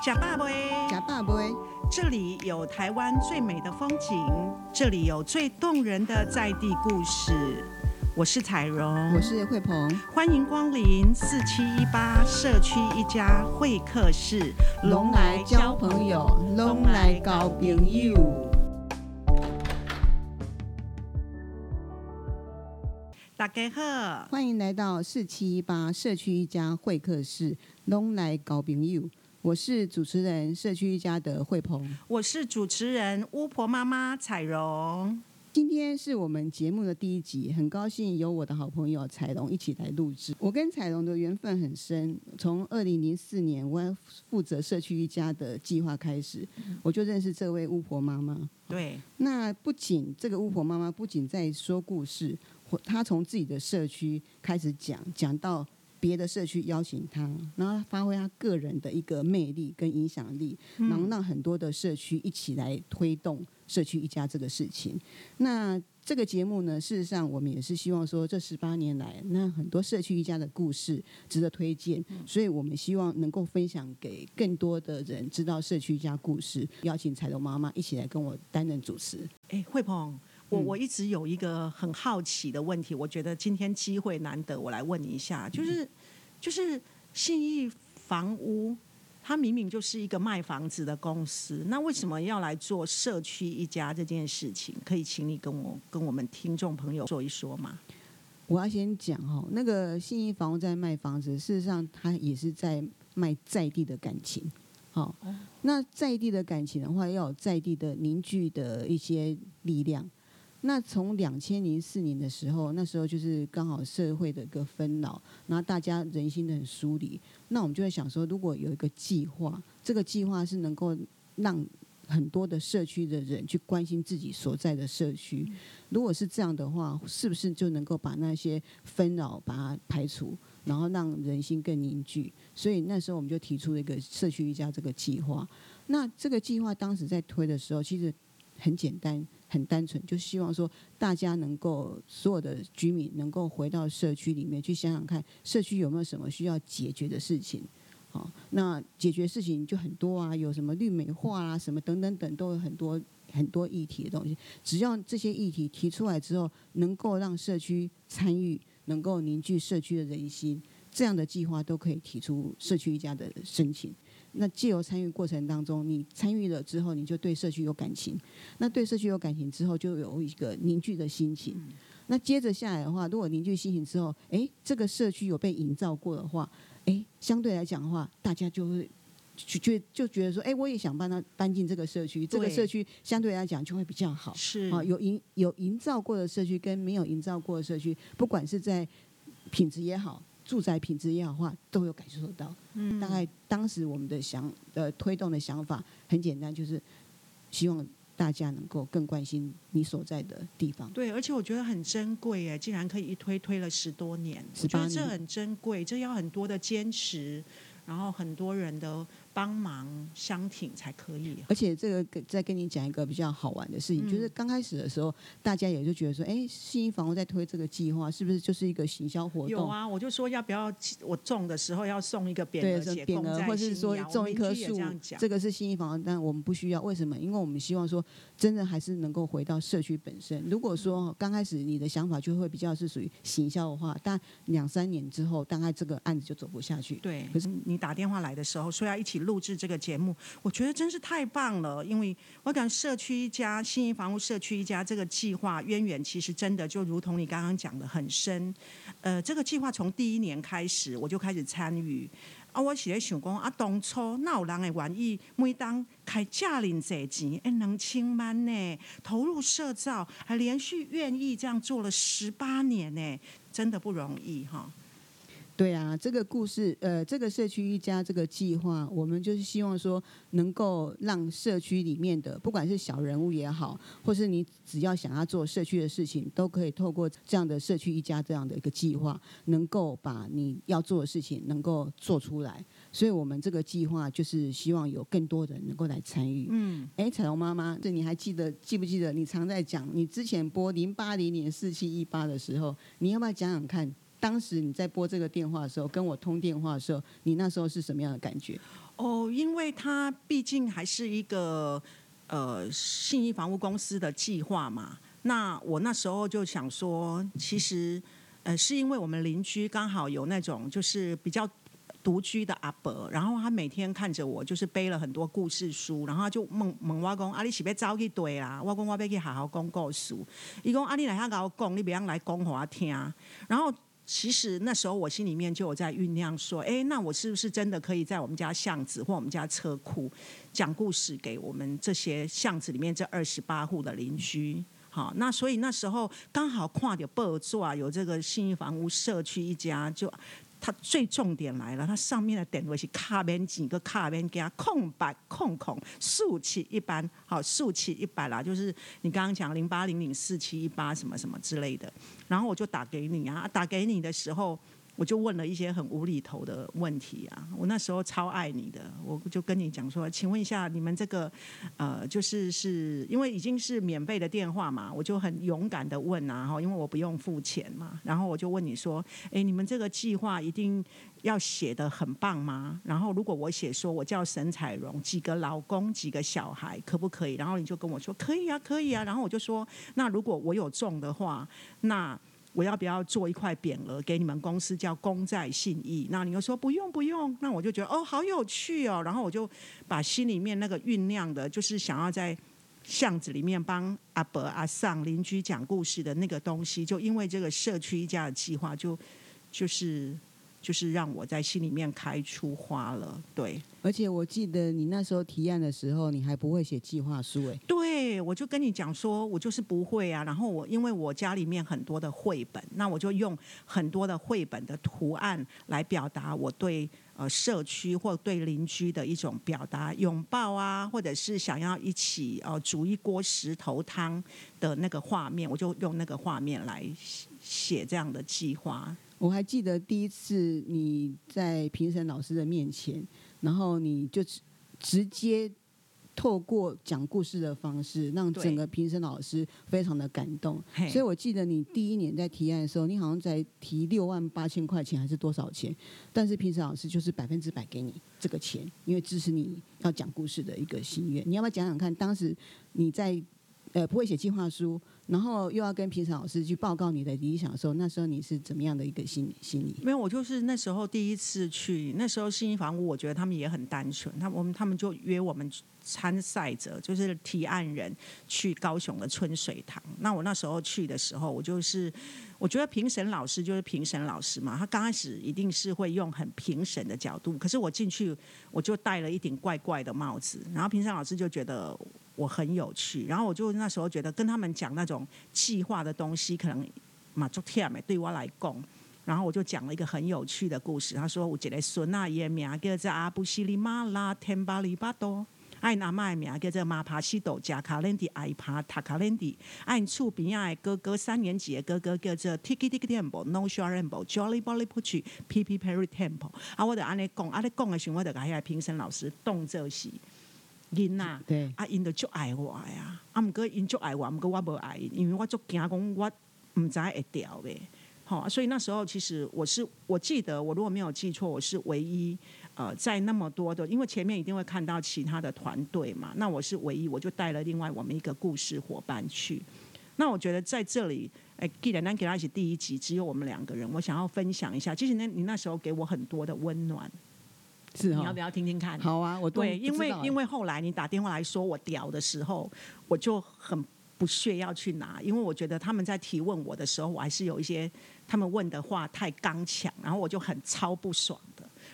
吃飽未？吃飽未？這裡有台灣最美的風景，這裡有最動人的在地故事。我是采蓉，我是慧鵬，歡迎光臨四七一八社區一家會客室，攏來交朋友，攏來交朋友。大家好，歡迎來到四七一八社區一家會客室，攏來交朋友。我是主持人社區一家的惠鵬，我是主持人巫婆媽媽采蓉。今天是我們節目的第一集，很高興有我的好朋友采蓉一起來錄製。我跟采蓉的緣分很深，從二零零四年我負責社區一家的計劃開始，我就認識這位巫婆媽媽。對，那不僅這個巫婆媽媽不僅在說故事，她從自己的社區開始講，講到。別的社區邀請他，然後發揮他個人的一個魅力跟影響力，然後讓很多的社區一起來推動社區一家這個事情。那這個節目呢，事實上我們也是希望說，這十八年來，那很多社區一家的故事值得推薦，所以我們希望能夠分享給更多的人知道社區一家故事。邀請采蓉媽媽一起來跟我擔任主持。誒，慧鵬。我我一直有一個很好奇的問題，我覺得今天機會難得，我來問你一下，就是就是信義房屋，它明明就是一個賣房子的公司，那為什麼要來做社區一家這件事情？可以請你跟我跟我們聽眾朋友說一說嗎？我要先講哈，那個信義房屋在賣房子，事實上它也是在賣在地的感情。好，那在地的感情的話，要有在地的凝聚的一些力量。那從兩千零四年的時候，那時候就是剛好社會的一個紛擾，然後大家人心的很疏離。那我們就在想說，如果有一個計劃，這個計劃是能夠讓很多的社區的人去關心自己所在的社區，如果是這樣的話，是不是就能夠把那些紛擾把它排除，然後讓人心更凝聚？所以那時候我們就提出了一個社區一家這個計劃。那這個計劃當時在推的時候，其實很簡單。很單純，就希望說大家能夠所有的居民能夠回到社區裡面去想想看，社區有沒有什麼需要解決的事情。好，那解決事情就很多啊，有什麼綠美化啊，什麼等等等，都有很多很多議題的東西。只要這些議題提出來之後，能夠讓社區參與，能夠凝聚社區的人心，這樣的計劃都可以提出社區一家的申請。那藉由參與過程當中，你參與了之後，你就對社區有感情。那對社區有感情之後，就有一個凝聚的心情。那接着下來的話，如果凝聚心情之後，哎，這個社區有被營造過的話，哎，相對來講的話，大家就會就就就覺得說，哎，我也想搬到搬進這個社區，這個社區相對來講就會比較好。是啊對、哦，有營有營造過的社區跟沒有營造過的社區，不管是在品質也好。住宅品質也好的話，話都有感受到。嗯，大概當時我們的想呃推動的想法很簡單，就是希望大家能夠更關心你所在的地方。對，而且我覺得很珍貴哎，竟然可以一推推了十多年，年我覺得這很珍貴，這要很多的堅持，然後很多人的。幫忙相挺才可以，而且這個跟再跟你講一個比較好玩的事情，嗯、就是剛開始的時候，大家也就覺得說，哎、欸，信義房屋在推這個計劃，是不是就是一個行銷活動？有啊，我就說要不要我種的時候要送一個匾額，匾額或者是說種一棵樹，這，這個是信義房屋，但我們不需要，為什麼？因為我們希望說，真的還是能夠回到社區本身。如果說剛開始你的想法就會比較是屬於行銷的話，但兩三年之後，大概這個案子就走不下去。對。可是你打電話來的時候，說要一起。錄製這個節目，我覺得真是太棒了，因為我講社區一家、信義房屋社區一家這個計劃淵源，其實真的就如同你剛剛講的很深。呃，這個計劃從第一年開始，我就開始參與。啊，我起來想講，啊，當初哪有啷個玩意，每當開價恁儕錢，哎，能輕慢呢？投入社造還連續願意這樣做了十八年呢，真的不容易哈。對啊，這個故事，呃，這個社區一家這個計劃，我們就是希望說，能夠讓社區裡面的，不管是小人物也好，或是你只要想要做社區的事情，都可以透過這樣的社區一家這樣的一個計劃，能夠把你要做的事情能夠做出來。所以我們這個計劃就是希望有更多人能夠來參與。嗯，哎，采蓉媽媽，這你還記得記不記得？你常在講，你之前播零八零年四七一八的時候，你要不要講講看？當時你在撥這個電話的時候，跟我通電話的時候，你那時候是什麼樣的感覺？哦，因為他畢竟還是一個呃信義房屋公司的計劃嘛。那我那時候就想說，其實呃是因為我們鄰居剛好有那種就是比較獨居的阿婆，然後他每天看着我，就是背了很多故事書，然後他就問問我講，阿、啊、你起別招一堆啦，我講我要去好好講故事，伊講阿你來遐甲我講，你別樣來講互我聽，然後。其實那時候，我心裡面就有在醞釀說，哎，那我是不是真的可以在我們家巷子或我們家車庫講故事給我們這些巷子裡面這二十八戶的鄰居？嗯、好，那所以那時候剛好看到步驟，有這個信義房屋社區一家就。它最重點來了，它上面的點位是卡邊幾個卡邊加空白空空，豎起一般，好豎起一般啦，就是你剛剛講零八零零四七一八什麼什麼之類的，然後我就打給你啊，打給你的時候。我就問了一些很無厘頭的問題啊！我那時候超愛你的，我就跟你講說，請問一下你們這個，呃，就是是因為已經是免費的電話嘛，我就很勇敢的問啊，然後因為我不用付錢嘛，然後我就問你說，哎，你們這個計劃一定要寫得很棒嗎？然後如果我寫說我叫沈采蓉，幾個老公，幾個小孩，可不可以？然後你就跟我說可以啊，可以啊。然後我就說，那如果我有中的話，那。我要不要做一塊匾額給你們公司，叫“功在信義”？那你又說不用不用，那我就覺得哦，好有趣哦。然後我就把心裡面那個醞釀的，就是想要在巷子裡面幫阿伯阿桑鄰居講故事的那個東西，就因為這個社區一家的計劃，就就是。就是讓我在心裡面開出花了，對。而且我記得你那時候提案的時候，你還不會寫計劃書誒，對，我就跟你講說，我就是不會啊。然後我因為我家裡面很多的繪本，那我就用很多的繪本的圖案來表達我對呃社區或對鄰居的一種表達，擁抱啊，或者是想要一起呃煮一鍋石頭湯的那個畫面，我就用那個畫面來寫這樣的計劃。我還記得第一次你在評審老師的面前，然後你就直直接透過講故事的方式，讓整個評審老師非常的感動。對所以我記得你第一年在提案的時候，你好像在提六萬八千塊錢還是多少錢？但是評審老師就是百分之百給你這個錢，因為支持你要講故事的一個心願。你要不要講講看？當時你在呃不會寫計劃書。然後又要跟評審老師去報告你的理想的時候，說那時候你是怎麼樣的一個心心理？沒有，我就是那時候第一次去，那時候信義房屋，我覺得他們也很單純。他我們他們就約我們參賽者，就是提案人去高雄的春水堂。那我那時候去的時候，我就是。我覺得評審老師就是評審老師嘛，他剛開始一定是會用很評審的角度，可是我進去我就戴了一頂怪怪的帽子，然後評審老師就覺得我很有趣，然後我就那時候覺得跟他們講那種計劃的東西，可能馬足天沒對我來講，然後我就講了一個很有趣的故事，他說我覺得孫啊也名叫阿布西里馬拉天巴里巴多。愛、啊、阿媽誒名叫做馬帕西多賈卡蘭迪愛帕塔卡蘭迪因厝邊啊誒哥哥三年級誒哥哥叫做 Tiki Tiki Temple No Shire Temple Jolly Bolly Put P P Perry Temple 啊，我著安尼講，安尼講誒時陣，我著開始評審老師動作是硬啊,對啊,啊，啊，硬得就愛我呀，阿姆哥硬就愛我，阿姆哥我無愛，因為我就驚講我唔知會掉唄。好，所以那時候其實我是我記得，我如果沒有記錯，我是唯一。呃，在那麼多的，因為前面一定會看到其他的團隊嘛，那我是唯一，我就帶了另外我們一個故事夥伴去。那我覺得在這裡，哎、欸，既然我們今天是第一集，只有我們兩個人，我想要分享一下。其實那你那時候給我很多的溫暖，是吼你要不要聽聽看？好啊，我、欸、對，因為因為後來你打電話來說我屌的時候，我就很不屑要去拿，因為我覺得他們在提問我的時候，我還是有一些他們問的話太剛強，然後我就很超不爽。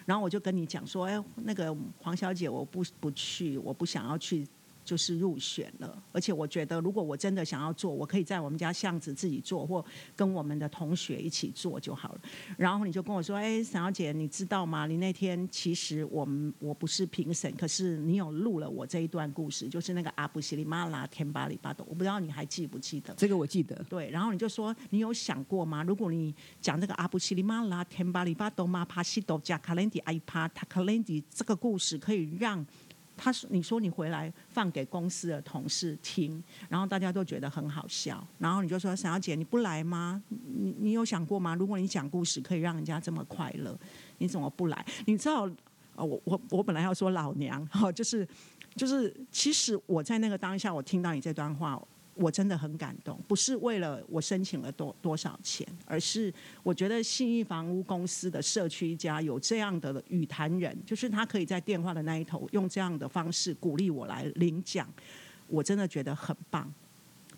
然後我就跟你講說，哎，那個黃小姐，我不不去，我不想要去。就是入選了，而且我覺得，如果我真的想要做，我可以在我們家巷子自己做，或跟我們的同學一起做就好了。然後你就跟我說：“哎、欸，沈小姐，你知道嗎？你那天其實我們我不是評審，可是你有錄了我這一段故事，就是那個阿布西里馬拉天巴里巴多，我不知道你還記不記得？這個我記得。對，然後你就說，你有想過嗎？如果你講這個阿布西里馬拉天巴里巴多瑪帕西多加卡蘭迪埃帕塔卡蘭迪這個故事，可以讓。”他說：“你說你回來放給公司的同事聽，然後大家都覺得很好笑。然後你就說：‘沈小姐，你不來嗎？你你有想過嗎？如果你講故事可以讓人家這麼快樂，你怎麼不來？’你知道，我我我本來要說老娘哈，就是就是，其實我在那個當下，我聽到你這段話。”我真的很感動，不是為了我申請了多多少錢，而是我覺得信義房屋公司的社區一家有這樣的語談人，就是他可以在電話的那一頭用這樣的方式鼓勵我來領獎，我真的覺得很棒。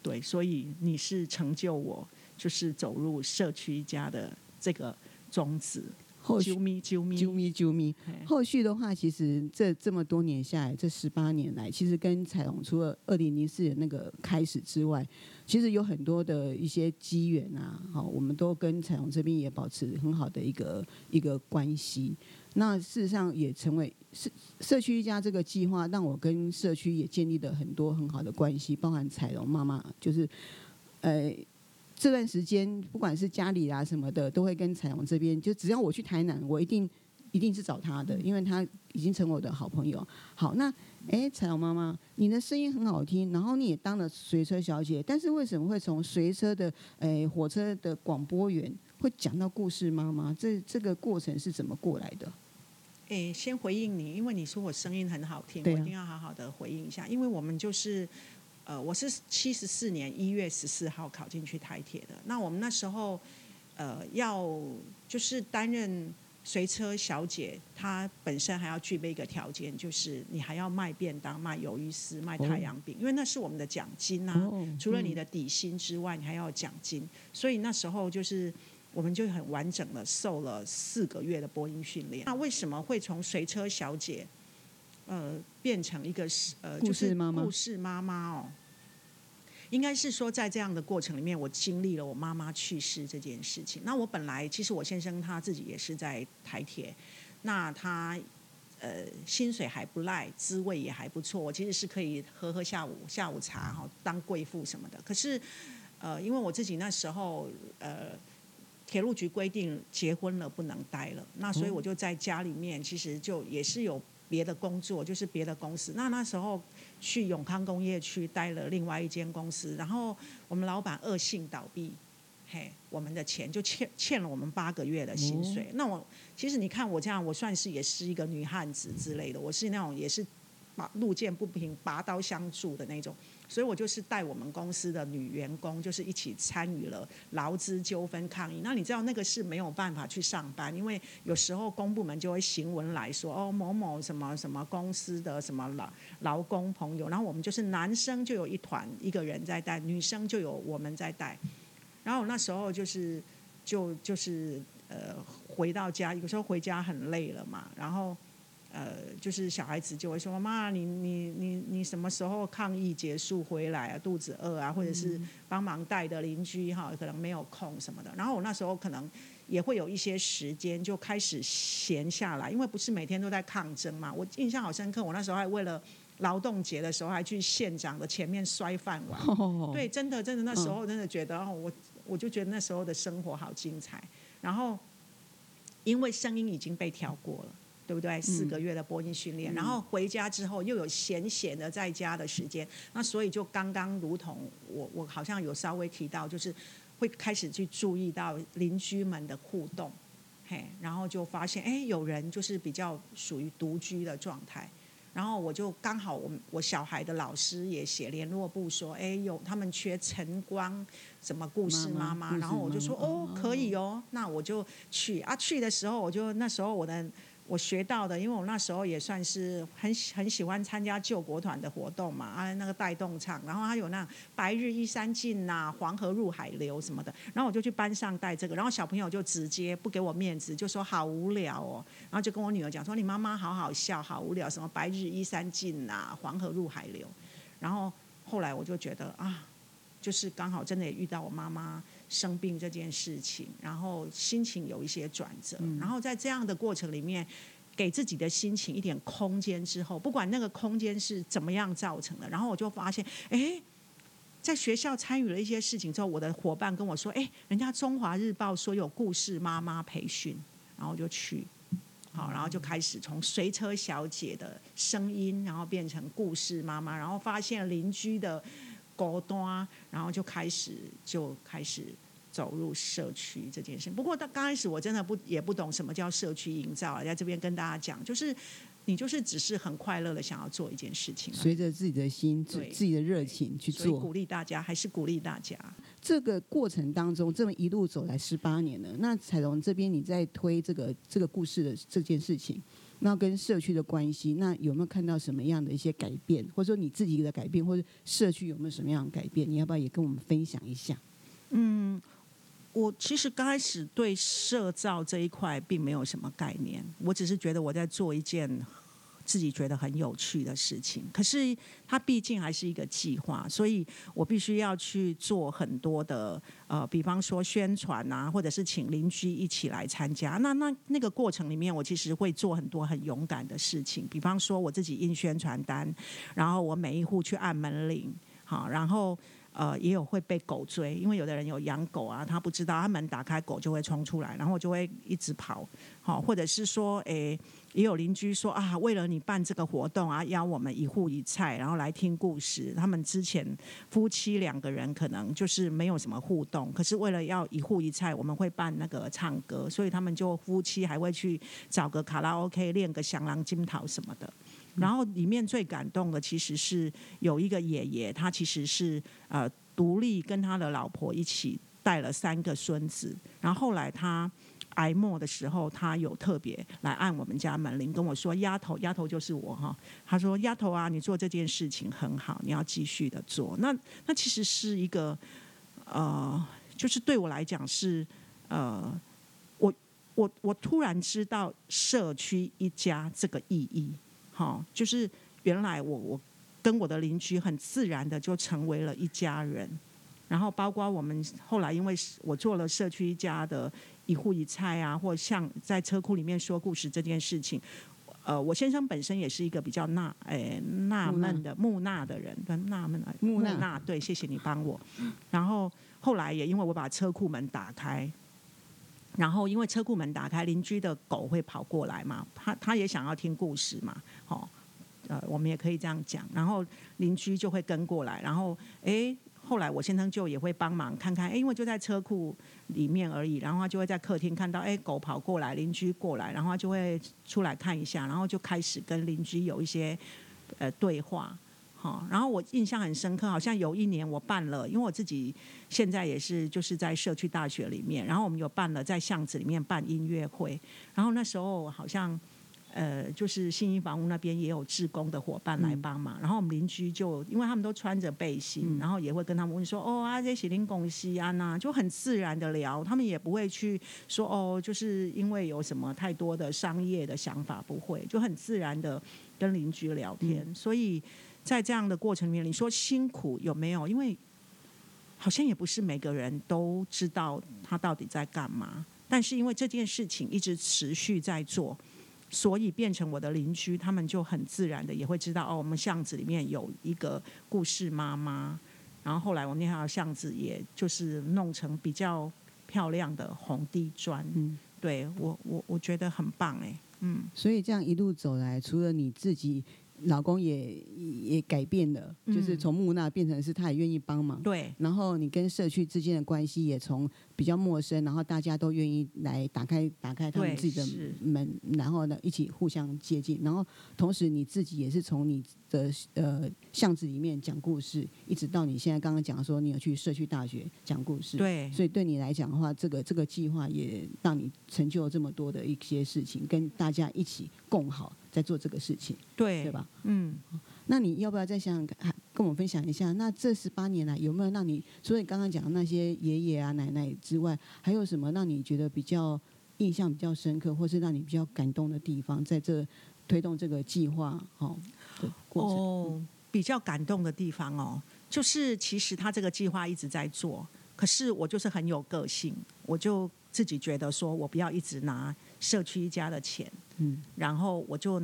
對，所以你是成就我，就是走入社區一家的這個宗旨。後續救命，救命，救命，救命！後續的話，其實這這麼多年下來，這十八年來，其實跟彩虹除了二零零四年那個開始之外，其實有很多的一些機緣啊，哈，我們都跟彩虹這邊也保持很好的一個一個關係。那事實上也成為社社區一家這個計劃，讓我跟社區也建立了很多很好的關係，包含彩虹媽媽，就是，哎、呃。這段時間，不管是家裡啊什麼的，都會跟采蓉這邊，就只要我去台南，我一定一定是找她的，因為她已經成我的好朋友。好，那哎，采蓉媽媽，你的聲音很好聽，然後你也當了隨車小姐，但是為什麼會從隨車的呃、欸、火車的廣播員，會講到故事媽媽？這這個過程是怎麼過來的？哎、欸，先回應你，因為你說我聲音很好聽，啊、我一定要好好的回應一下，因為我們就是。呃，我是七十四年一月十四號考進去台鐵的。那我們那時候，呃，要就是擔任隨車小姐，她本身還要具備一個條件，就是你還要賣便當、賣魷魚絲、賣太陽餅，因為那是我們的獎金啊。除了你的底薪之外，你還要獎金。所以那時候就是，我們就很完整的受了四個月的播音訓練。那為什麼會從隨車小姐？呃，變成一個是呃，就是故事媽媽哦，應該是說，在這樣的過程裡面，我經歷了我媽媽去世這件事情。那我本來其實我先生他自己也是在台鐵，那他呃薪水還不賴，滋味也還不錯，我其實是可以喝喝下午下午茶哈，當貴婦什麼的。可是呃，因為我自己那時候呃鐵路局規定結婚了不能待了，那所以我就在家裡面，嗯、其實就也是有。別的工作，就是別的公司，那那時候去永康工業區待了另外一間公司，然後我們老闆惡性倒閉，嘿，我們的錢就欠欠了我們八個月的薪水。嗯，那我其實你看我這樣，我算是也是一個女漢子之類的，我是那種也是。路見不平，拔刀相助的那種，所以我就是帶我們公司的女員工，就是一起參與了勞資糾紛抗議。那你知道那個是沒有辦法去上班，因為有時候公部門就會行文來說，哦，某某什麼什麼公司的什麼勞勞工朋友，然後我們就是男生就有一團一個人在帶，女生就有我們在帶。然後那時候就是就就是呃回到家，有時候回家很累了嘛，然後。呃，就是小孩子就會說：“媽，你你你你什麼時候抗議結束回來啊？肚子餓啊，或者是幫忙帶的鄰居哈、哦，可能沒有空什麼的。”然後我那時候可能也會有一些時間就開始閒下來，因為不是每天都在抗爭嘛。我印象好深刻，我那時候還為了勞動節的時候還去縣長的前面摔飯碗。哦、對，真的真的那時候真的覺得哦，嗯、我我就覺得那時候的生活好精彩。然後，因為聲音已經被調過了。對不對？四個月的播音訓練，嗯、然後回家之後又有閒閒的在家的時間，嗯、那所以就剛剛如同我我好像有稍微提到，就是會開始去注意到鄰居們的互動，嘿，然後就發現哎、欸，有人就是比較屬於獨居的狀態，然後我就剛好我我小孩的老師也寫聯絡簿，說，哎、欸、有他們缺晨光什麼故事媽媽，媽媽然後我就說媽媽哦可以哦，媽媽那我就去啊，去的時候我就那時候我的。我學到的，因為我那時候也算是很很喜歡參加救國團的活動嘛，啊，那個帶動唱，然後還有那白日依山盡啊，黃河入海流什麼的，然後我就去班上帶這個，然後小朋友就直接不給我面子，就說好無聊哦，然後就跟我女兒講說，你媽媽好好笑，好無聊，什麼白日依山盡啊，黃河入海流，然後後來我就覺得啊。就是剛好真的也遇到我媽媽生病這件事情，然後心情有一些轉折，嗯，然後在這樣的過程裡面，給自己的心情一點空間之後，不管那個空間是怎麼樣造成的，然後我就發現，哎，在學校參與了一些事情之後，我的夥伴跟我說，哎，人家《中華日報》說有故事媽媽培訓，然後就去，好，然後就開始從隨車小姐的聲音，然後變成故事媽媽，然後發現鄰居的孤單，然後就開始就開始走入社區這件事。不過，到剛開始我真的不也不懂什麼叫社區營造，在這邊跟大家講，就是你就是只是很快樂的想要做一件事情，隨着自己的心，對自己的熱情去做。所以鼓勵大家，還是鼓勵大家。這個過程當中，這麼一路走來十八年了。那采蓉這邊你在推這個這個故事的這件事情。那跟社區的關係，那有沒有看到什麼樣的一些改變，或者說你自己的改變，或者社區有沒有什麼樣的改變，你要不要也跟我們分享一下？嗯，我其實剛開始對社造這一塊並沒有什麼概念，我只是覺得我在做一件。自己覺得很有趣的事情，可是它畢竟還是一個計劃，所以我必須要去做很多的呃，比方說宣傳啊，或者是請鄰居一起來參加。那那那個過程裡面，我其實會做很多很勇敢的事情，比方說我自己印宣傳單，然後我每一戶去按門鈴，好，然後呃也有會被狗追，因為有的人有養狗啊，他不知道，他門打開狗就會衝出來，然後我就會一直跑，好，或者是說誒。也有鄰居說啊，為了你辦這個活動啊，邀我們一戶一菜，然後來聽故事。他們之前夫妻兩個人可能就是沒有什麼互動，可是為了要一戶一菜，我們會辦那個唱歌，所以他們就夫妻還會去找個卡拉 OK 練個《雙人枕頭》什麼的。然後裡面最感動的其實是有一個爺爺，他其實是呃獨立跟他的老婆一起帶了三個孫子，然後後來他。挨磨的時候，他有特別來按我們家門鈴，跟我說：“丫頭，丫頭就是我哈。”他說：“丫頭啊，你做這件事情很好，你要繼續的做。”那那那其實是一個呃，就是對我來講是呃，我我我突然知道社區一家這個意義，哈，就是原來我我跟我的鄰居很自然的就成為了一家人，然後包括我們後來因為我做了社區一家的。一戶一拆啊，或像在車庫裡面說故事這件事情，呃，我先生本身也是一個比較納誒納悶的木訥的人，納悶啊木訥對，謝謝你幫我。然後後來也因為我把車庫門打開，然後因為車庫門打開，鄰居的狗會跑過來嘛，他他也想要聽故事嘛，好，呃，我們也可以這樣講，然後鄰居就會跟過來，然後哎。欸後來我先生就也會幫忙看看，欸，因為就在車庫裡面而已，然後他就會在客廳看到，哎、欸，狗跑過來，鄰居過來，然後他就會出來看一下，然後就開始跟鄰居有一些呃對話，好、哦，然後我印象很深刻，好像有一年我辦了，因為我自己現在也是就是在社區大學裡面，然後我們有辦了在巷子裡面辦音樂會，然後那時候好像。呃，就是信義房屋那邊也有志工的夥伴來幫忙，嗯、然後我們鄰居就因為他們都穿着背心，嗯、然後也會跟他們問說：“哦，阿、啊、姐，喜臨公西安啊，就很自然的聊，他們也不會去說哦，就是因為有什麼太多的商業的想法，不會，就很自然的跟鄰居聊天。嗯、所以在這樣的過程裡面，你說辛苦有沒有？因為好像也不是每個人都知道他到底在幹嘛，但是因為這件事情一直持續在做。所以變成我的鄰居，他們就很自然的也會知道哦，我們巷子裡面有一個故事媽媽。然後後來我那條巷子也就是弄成比較漂亮的紅地磚。嗯對，對我我我覺得很棒哎、欸。嗯，所以這樣一路走來，除了你自己。老公也也改變了，嗯，就是從木訥變成是他也願意幫忙。對。然後你跟社區之間的關係也從比較陌生，然後大家都願意來打開打開他們自己的門，然後呢一起互相接近。然後同時你自己也是從你的呃巷子裡面講故事，一直到你現在剛剛講說你有去社區大學講故事。對。所以對你來講的話，這個這個計劃也讓你成就了這麼多的一些事情，跟大家一起共好。在做這個事情，對，對吧？嗯，那你要不要再想想跟我們分享一下？那這十八年來有沒有讓你？除了你剛剛講的那些爺爺啊、奶奶之外，還有什麼讓你覺得比較印象比較深刻，或是讓你比較感動的地方？在這推動這個計劃過程，好哦，比較感動的地方哦，就是其實他這個計劃一直在做，可是我就是很有個性，我就。自己覺得說，我不要一直拿社區一家的錢，嗯，然後我就。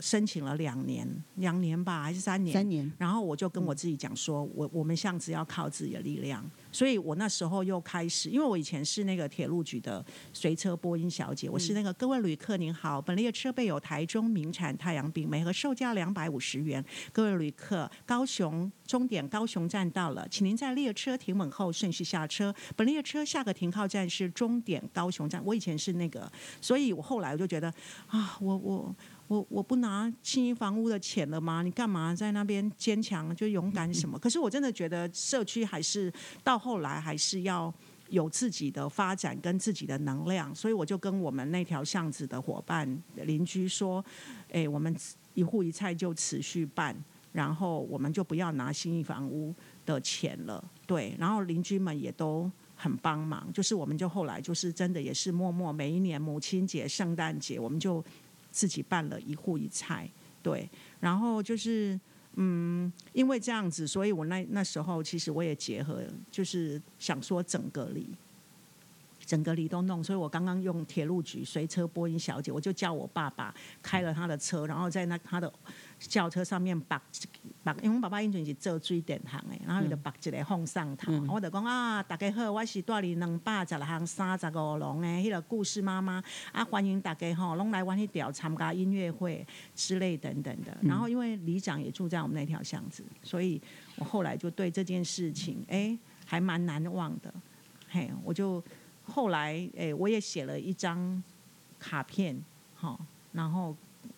申請了兩年，兩年吧，還是三年？三年。然後我就跟我自己講說，嗯、我我們巷子，要靠自己的力量。所以我那時候又開始，因為我以前是那個鐵路局的隨車播音小姐，我是那個、嗯、各位旅客您好，本列車備有台中名產太陽餅，每盒售價兩百五十元。各位旅客，高雄終點高雄站到了，請您在列車停穩後順序下車。本列車下個停靠站是終點高雄站。我以前是那個，所以我後來我就覺得啊，我我。我我不拿信義房屋的錢了嗎？你干嘛在那邊堅強就勇敢什麼？可是我真的覺得社區還是到後來還是要有自己的發展跟自己的能量，所以我就跟我們那條巷子的夥伴鄰居說：“哎、欸，我們一戶一菜就持續辦，然後我們就不要拿信義房屋的錢了。”對，然後鄰居們也都很幫忙，就是我們就後來就是真的也是默默每一年母親節、聖誕節，我們就。自己辦了一戶一菜，對，然後就是，嗯，因為這樣子，所以我那那時候其實我也結合，就是想說整個里。整個里都弄，所以我剛剛用鐵路局隨車播音小姐，我就叫我爸爸開了他的車，然後在那他的轎車上面綁綁，因為我爸爸以前是做水電行的，然後他就綁一個放上頭。嗯、我就講啊，大家好，我是住在兩百十六巷三十五弄的，去、那、了、個、故事媽媽啊，歡迎大家哈，攏來玩一條參加音樂會之類等等的。然後因為里長也住在我們那條巷子，所以我後來就對這件事情哎還蠻難忘的。嘿，我就。後來，哎，我也寫了一張卡片，好，然後。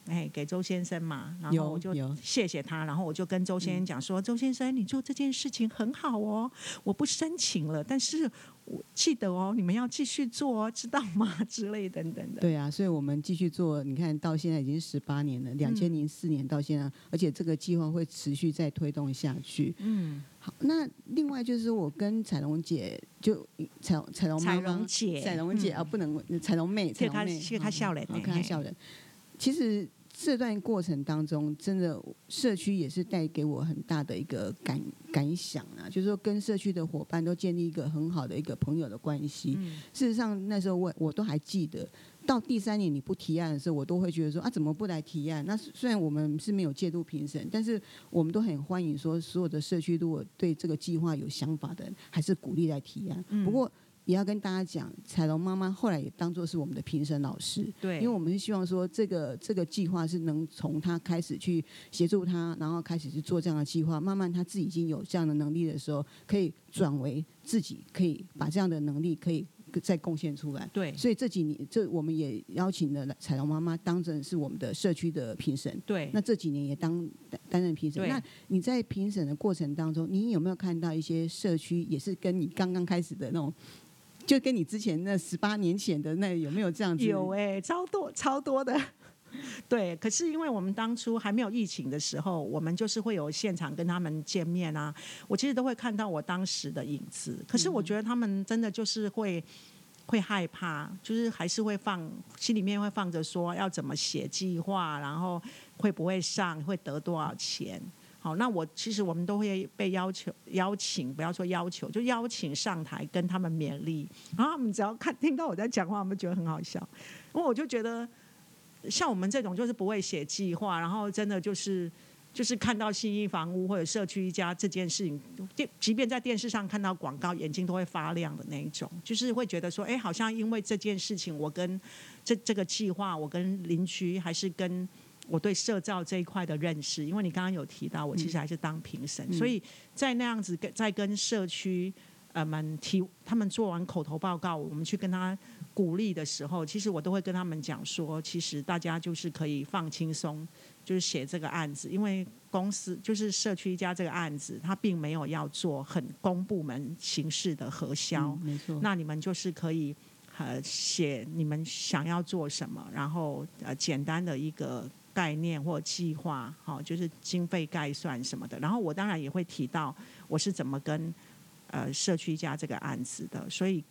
哎，給周先生嘛，然後我就謝謝他，然後我就跟周先生講說：“周先生，你做這件事情很好哦，我不申請了，但是我記得哦，你們要繼續做哦，知道嗎？”之類等等的。對啊，所以我們繼續做，你看到現在已經十八年了，兩千零四年到現在，而且這個計劃會持續再推動下去。嗯，好，那另外就是我跟采蓉姐，就彩采蓉、采蓉姐、采蓉姐啊，不能采蓉妹、采蓉她，她笑人，你看她笑人。其實這段過程當中，真的社區也是帶給我很大的一個感感想啊，就是說跟社區的夥伴都建立一個很好的一個朋友的關係。嗯、事實上，那時候我我都還記得，到第三年你不提案的時候，我都會覺得說啊，怎麼不來提案？那雖然我們是沒有介入評審，但是我們都很歡迎說，所有的社區如果對這個計劃有想法的，還是鼓勵來提案。嗯、不過。也要跟大家講，采蓉媽媽後來也當做是我們的評審老師，對，因為我們是希望說這個這個計劃是能從他開始去協助他，然後開始去做這樣的計劃，慢慢他自己已經有這樣的能力的時候，可以轉為自己可以把這樣的能力可以再貢獻出來，對。所以這幾年，這我們也邀請了采蓉媽媽當成是我們的社區的評審，對。那這幾年也當擔任評審，對那你在評審的過程當中，你有沒有看到一些社區也是跟你剛剛開始的那種？就跟你之前那十八年前的那有沒有這樣子？有欸，超多超多的。 對，可是因為我們當初還沒有疫情的時候，我們就是會有現場跟他們見面啊。我其實都會看到我當時的影子。可是我覺得他們真的就是會會害怕，就是還是會放心裡面會放着說要怎麼寫計劃，然後會不會上，會得多少錢。那我其實我們都會被要求邀請，不要說要求，就邀請上台跟他們勉勵，然後他們只要看聽到我在講話，他們就覺得很好笑，因為我就覺得像我們這種就是不會寫計劃，然後真的就是就是看到信義房屋或者社區一家這件事情，即便在電視上看到廣告，眼睛都會發亮的那一種，就是會覺得說，哎、欸，好像因為這件事情，我跟這這個計劃，我跟鄰居還是跟。我對社造這一塊的認識，因為你剛剛有提到，我其實還是當評審，嗯、所以在那樣子跟在跟社區呃們提他們做完口頭報告，我們去跟他鼓勵的時候，其實我都會跟他們講說，其實大家就是可以放輕鬆，就是寫這個案子，因為公司就是社區一家這個案子，他並沒有要做很公部門形式的核銷，嗯、沒錯。那你們就是可以呃寫你們想要做什麼，然後呃簡單的一個。概念或計劃，好，就是經費概算什麼的。然後我當然也會提到我是怎麼跟呃社區一家這個案子的，所以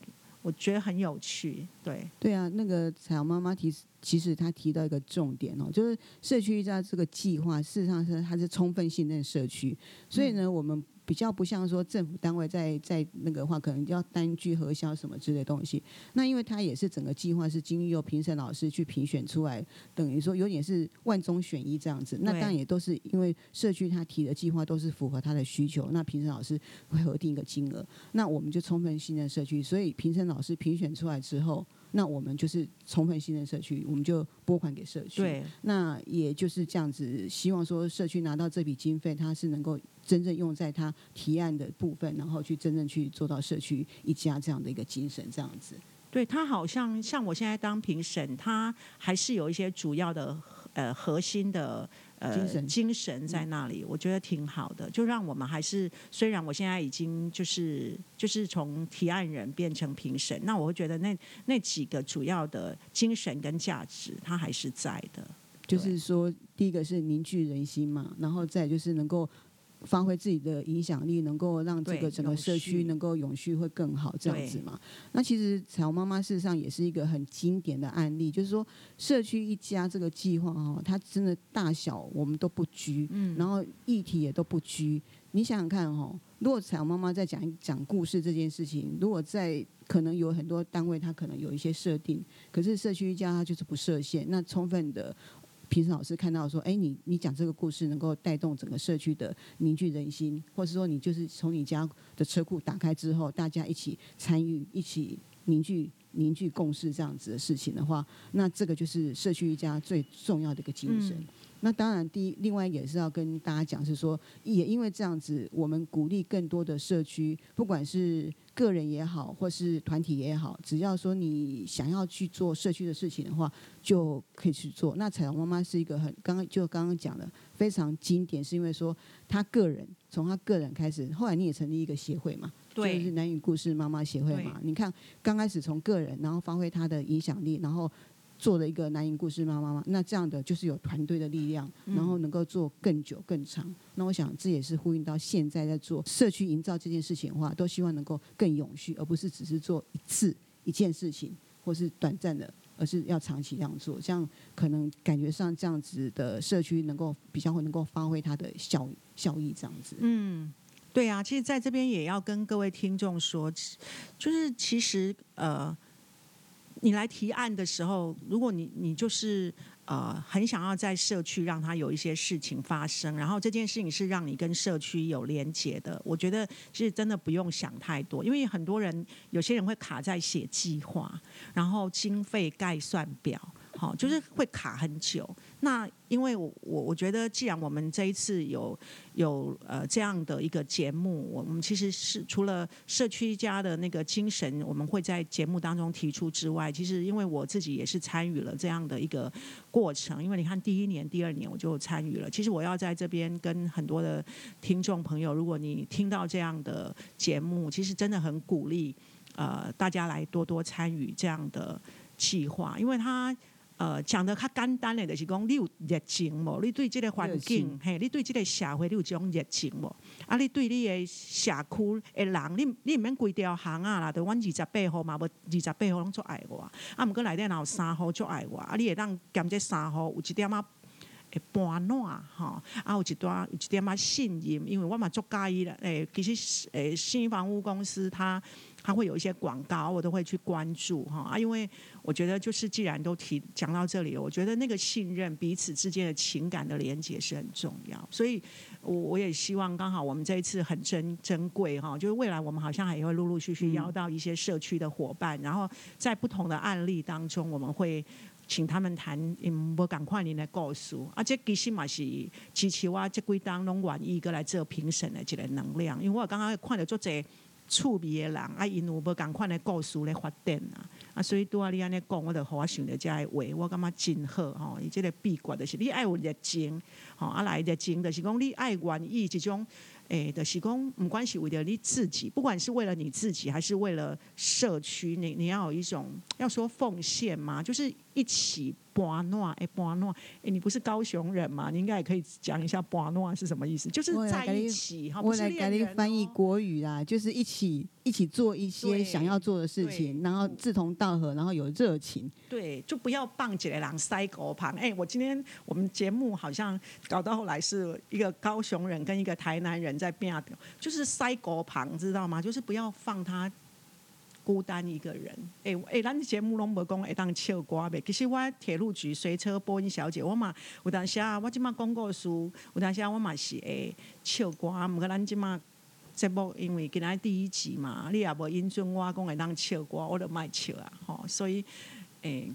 我覺得很有趣。對對啊，那個彩虹媽媽其實其實她提到一個重點哦，就是社區一家這個計劃，事實上是它是充分信任社區，所以呢，我們。比較不像說政府單位在在那個話，可能要單據核銷什麼之類東西。那因為他也是整個計劃是經由評審老師去評選出來，等於說有點是萬中選一這樣子。那當然也都是因為社區他提的計劃都是符合他的需求。那評審老師會核定一個金額，那我們就充分信任社區。所以評審老師評選出來之後，那我們就是充分信任社區，我們就撥款給社區。對。那也就是這樣子，希望說社區拿到這筆經費，他是能夠。真正用在他提案的部分，然後去真正去做到社區一家這樣的一個精神，這樣子。對他好像像我現在當評審，他還是有一些主要的呃核心的呃精神，精神在那裡。嗯，我覺得挺好的。就讓我們還是，雖然我現在已經就是就是從提案人變成評審，那我會覺得那那幾個主要的精神跟價值，他還是在的。就是說，對第一個是凝聚人心嘛，然後再就是能夠。發揮自己的影響力，能夠讓這個整個社區能夠永續會更好這樣子嘛？對那其實彩虹媽媽事實上也是一個很經典的案例，就是說社區一家這個計劃哈，它真的大小我們都不拘，嗯，然後議題也都不拘。嗯、你想想看哈、哦，如果彩虹媽媽在講講故事這件事情，如果在可能有很多單位，它可能有一些設定，可是社區一家它就是不設限，那充分的。平時老師看到說，哎、欸，你你講這個故事能夠帶動整個社區的凝聚人心，或是說你就是從你家的車庫打開之後，大家一起參與、一起凝聚、凝聚共識這樣子的事情的話，那這個就是社區一家最重要的一個精神。嗯、那當然第一，第另外也是要跟大家講，是說也因為這樣子，我們鼓勵更多的社區，不管是。個人也好，或是團體也好，只要說你想要去做社區的事情的話，就可以去做。那采蓉媽媽是一個很剛剛就剛剛講的非常經典，是因為說她個人從她個人開始，後來你也成立一個協會嘛，對就是男女故事媽媽協會嘛。對你看剛開始從個人，然後發揮她的影響力，然後。做的一個南瀛故事媽媽，媽，那這樣的就是有團隊的力量，然後能夠做更久更長。那我想這也是呼應到現在在做社區營造這件事情的話，都希望能夠更永續，而不是只是做一次一件事情或是短暫的，而是要長期這樣做。這樣可能感覺上這樣子的社區，能夠比較能夠發揮它的效效益這樣子。嗯，對啊。其實在這邊也要跟各位聽眾說，就是其實呃。你來提案的時候，如果你你就是呃很想要在社區讓他有一些事情發生，然後這件事情是讓你跟社區有連結的，我覺得其實真的不用想太多，因為很多人有些人會卡在寫計劃，然後經費概算表。好，就是會卡很久。那因為我我我覺得，既然我們這一次有有呃這樣的一個節目，我們其實是除了社區家的那個精神，我們會在節目當中提出之外，其實因為我自己也是參與了這樣的一個過程。因為你看，第一年、第二年我就參與了。其實我要在這邊跟很多的聽眾朋友，如果你聽到這樣的節目，其實真的很鼓勵呃大家來多多參與這樣的計劃，因為他。呃，講得較簡單的就是講你有熱情無？你對即個環境，情嘿，你對即個社會，你有這種熱情無？啊，你對你的社區的人，你你毋免規條巷仔啦，對，阮二十八戶嘛，欲二十八戶攏足愛我，啊，毋過內底若有三戶足愛我，啊，你會當兼這三戶有一點仔誒，溫暖吼，啊，有一段有一點仔信任，因為我嘛足佮意啦，誒、欸，其實誒、欸，新房屋公司它它會有一些廣告，我都會去關注吼。啊，因為。我覺得就是，既然都提講到這裡，我覺得那個信任彼此之間的情感的連接是很重要。所以，我我也希望，剛好我們這一次很珍珍貴哈，就是未來我們好像還會陸陸續續邀到一些社區的夥伴，嗯、然後在不同的案例當中，我們會請他們談。嗯、啊，不同的故事，而且其實嘛是，支持我這歸檔攏願意過來做評審的這個能量，因為我剛剛看到足濟趣味的人啊，因有不同的故事來發展啊。啊，所以拄啊，你安尼講，我就互我想遮這話，我感覺真好吼。伊、哦、即個秘訣著是你愛有熱情，吼啊來熱情，著是講你愛願意之種。誒，的、就是，喜工唔關係，為了你自己，不管是為了你自己還是為了社區，你你要有一種要說奉獻嘛，就是一起巴諾哎巴諾誒，你不是高雄人嘛？你應該也可以講一下巴諾是什麼意思，就是在一起，我來給你翻譯國語啦，就是一起一起做一些想要做的事情，然後志同道合，然後有熱情。對，就不要棒幾個郎塞過旁哎，我今天我們節目好像搞到後來是一個高雄人跟一個台南人。在邊， 就是賽骨旁，知道嗎？就是不要放他孤單一個人。誒、欸，誒、欸，咱節目攏無講，會當唱歌唄。其實我鐵路局隨車播音小姐，我嘛有當時啊，我即擺講故事，有當時我嘛是會唱歌。毋過咱即擺節目，因為今仔第一集嘛，你也無引准我講，會當唱歌，我都莫唱啊。吼，所以誒、欸，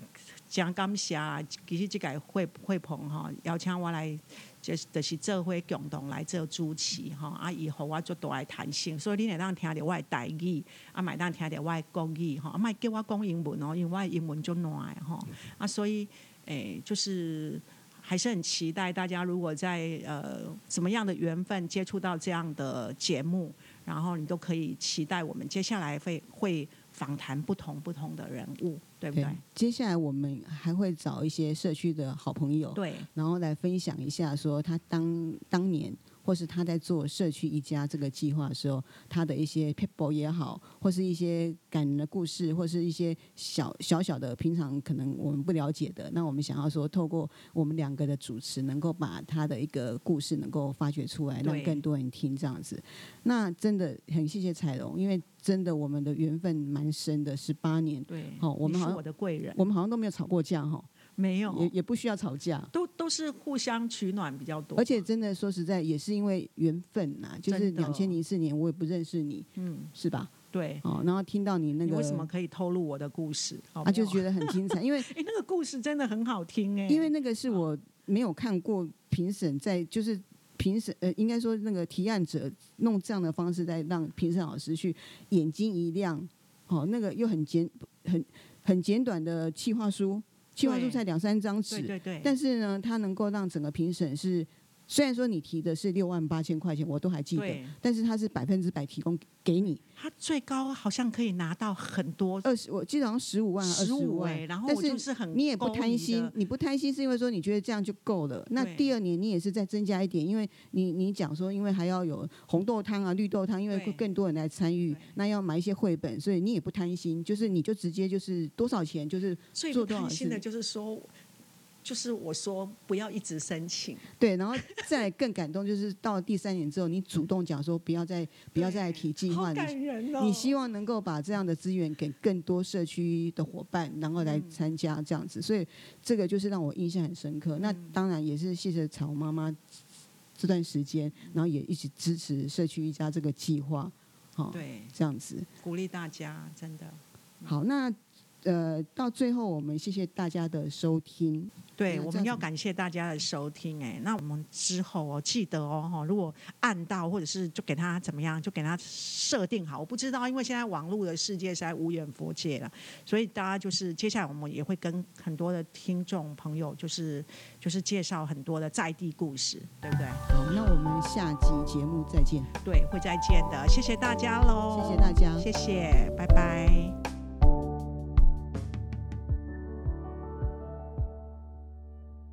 真感謝，其實即個會會鵬吼、哦、邀請我來。就是，就是做伙共同來做主持，哈，啊，以後我就多愛彈性，所以你每當聽到我的台也聽到我台語，啊，買，當天聽的我國語，哈，啊，莫叫我講英文哦，因為我的英文就難，哈，啊，所以，誒、欸，就是還是很期待大家，如果在呃什麼樣的緣分接觸到這樣的節目，然後你都可以期待我們接下來會會。訪談不同不同的人物，對不對？Okay, 接下來我們還會找一些社區的好朋友，對，然後來分享一下，說他當當年。或是他在做社區一家這個計劃的時候，他的一些 people 也好，或是一些感人的故事，或是一些小小小的平常可能我們不了解的。那我們想要說透過我們兩個的主持，能夠把他的一個故事能夠發掘出來，讓更多人聽這樣子。對那真的很謝謝采蓉，因為真的我們的緣分蠻深的，十八年。對，好，我們好像是我的貴人，我們好像都沒有吵過架哈。沒有，也也不需要吵架，都都是互相取暖比較多。而且真的說實在，也是因為緣分吶、啊，的就是兩千零四年我也不認識你，嗯，是吧？對，哦，然後聽到你那個，為什麼可以透露我的故事？他、啊、就覺得很精彩，因為哎、 欸，那個故事真的很好聽哎、欸，因為那個是我沒有看過評審在，就是評審呃，應該說那個提案者弄這樣的方式，在讓評審老師去眼睛一亮，哦，那個又很簡很很簡短的企劃書。計劃書才兩三張紙，對對對對，但是呢，它能夠讓整個評審是。雖然說你提的是六萬八千塊錢，我都還記得，對但是他是百分之百提供給你。他最高好像可以拿到很多，二十我記得好像十五萬，十五耶二十萬。然後我就是很，但是你也不貪心，你不貪心是因為說你覺得這樣就夠了。對那第二年你也是再增加一點，因為你你講說因為還要有紅豆湯啊、綠豆湯，因為會更多人來參與，對那要買一些繪本，所以你也不貪心，就是你就直接就是多少錢就是做多少事。的就是說。就是我說不要一直申請，對，然後再更感動就是到了第三年之後，你主動講說不要再不要再提計劃了，你、哦、你希望能夠把這樣的資源給更多社區的夥伴，然後來參加這樣子，所以這個就是讓我印象很深刻。那當然也是謝謝曹媽媽這段時間，然後也一直支持社區一家這個計劃，好，對，這樣子鼓勵大家真的好。那。呃，到最後我們謝謝大家的收聽，對，我們要感謝大家的收聽、欸，哎，那我們之後哦、喔，記得哦，哈，如果按到或者是就給他怎麼樣，就給他設定好，我不知道，因為現在網絡的世界實在無遠弗屆了，所以大家就是接下來我們也會跟很多的聽眾朋友、就是，就是就是介紹很多的在地故事，對不對？好，那我們下集節目再見，對，會再見的，謝謝大家嘍，謝謝大家，謝謝，拜拜。